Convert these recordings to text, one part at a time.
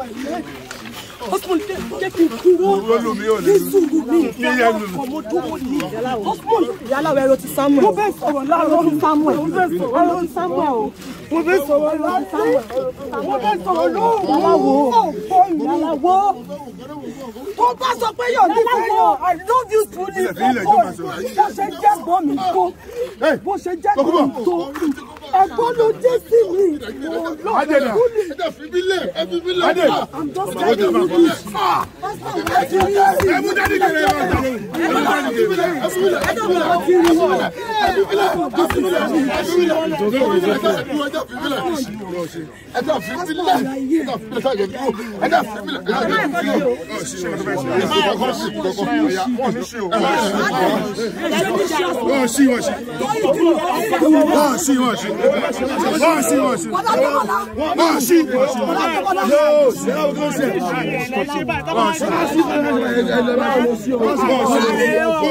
Osmond jẹ́ kí n dúró ní sùúrù mi ìfọwọ́kọ̀ mo dúró ní. Osmond ìyálà ẹ̀rọ ti Samuel. Mo bẹ́ẹ̀ sọ̀rọ̀ láàárọ̀ ti Samuel. Mo bẹ́ẹ̀ sọ̀rọ̀ ẹ̀rọ ti Samuel o. Mo bẹ́ẹ̀ sọ̀rọ̀ ẹ̀rọ ti Samuel. Mo bẹ́ẹ̀ sọ̀rọ̀ lóòrùn. Yàrá wo? Yàrá wo? Tó bá sọ pé yóò ní fẹ́ yọ, I love you truly. Bó ṣe jẹ́ gbọ́ mi tó. Bó ṣe jẹ́ gbọ́ mi tó ẹ̀gbọ́nù jésì mi lọ́dún kúlì. ẹ fi mí lẹ̀ ẹ fi mí lẹ̀. i'm just telling you this. Ah! ẹ mú dání kẹrẹ yọrọ ta. Wọ́n sí wọ́n sí.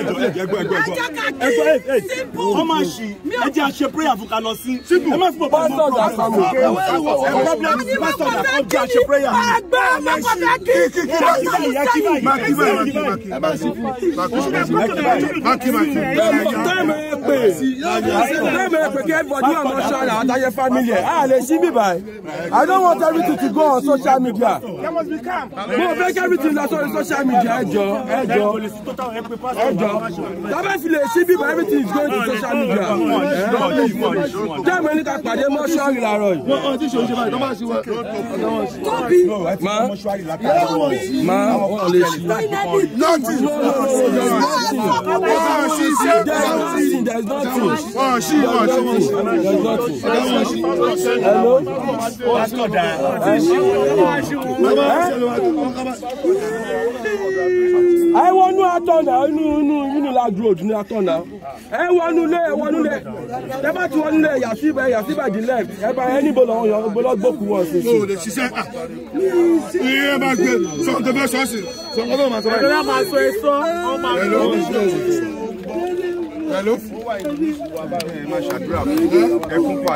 ẹjọ ẹjọ ẹgbẹ ẹgbẹ ẹgbẹ ẹgbẹ ẹgbẹ ọmọ àṣì ẹjẹ àṣẹ prayer fún kaná sí ẹ má fún bàbá ọmọ ọmọ ọmọ ẹ problem pastor àkọ́ jẹ àṣẹ prayer mi. àgbà ọmọkọ̀tà kì í kì í kì í kì í maki maki maki ẹ má sì fún maki maki. tẹ́ẹ̀mù ẹ pè tẹ́ẹ̀mù ẹ pè kí everybody ọmọ ṣara àtàyẹ family ẹ̀ á lè ṣí mi báyìí I don't want everything to go on social media. mo fẹ́ kí everything lọ sórí social media ẹ jọ ẹ jọ ẹ jọ tábà fi lè ṣí bíbá everything is going to social media jẹ́ mi pàdé mọ́ṣúárì làárọ̀ yìí. wọ́n ma ma wọ́n lè ṣí. hello tọ̀nà inú inú inú ládùú òdù ní atọ̀nà ẹ wọnú lé ẹ wọnú lé ẹ bá ti wọnú lé yàtí ibà yàtí ibà di left ẹ bá ẹni bọlọ ọyàn bọlọ gbókù wọn sí. o lè ṣiṣẹ́ iye ah. máa gbé sọ́kòtò bẹ́ẹ̀ sọ́ọ̀sì sọ́kòtò máa sọ ẹ̀rọ máa sọ èso ọmọ àgbẹ̀. pẹ̀lú ẹ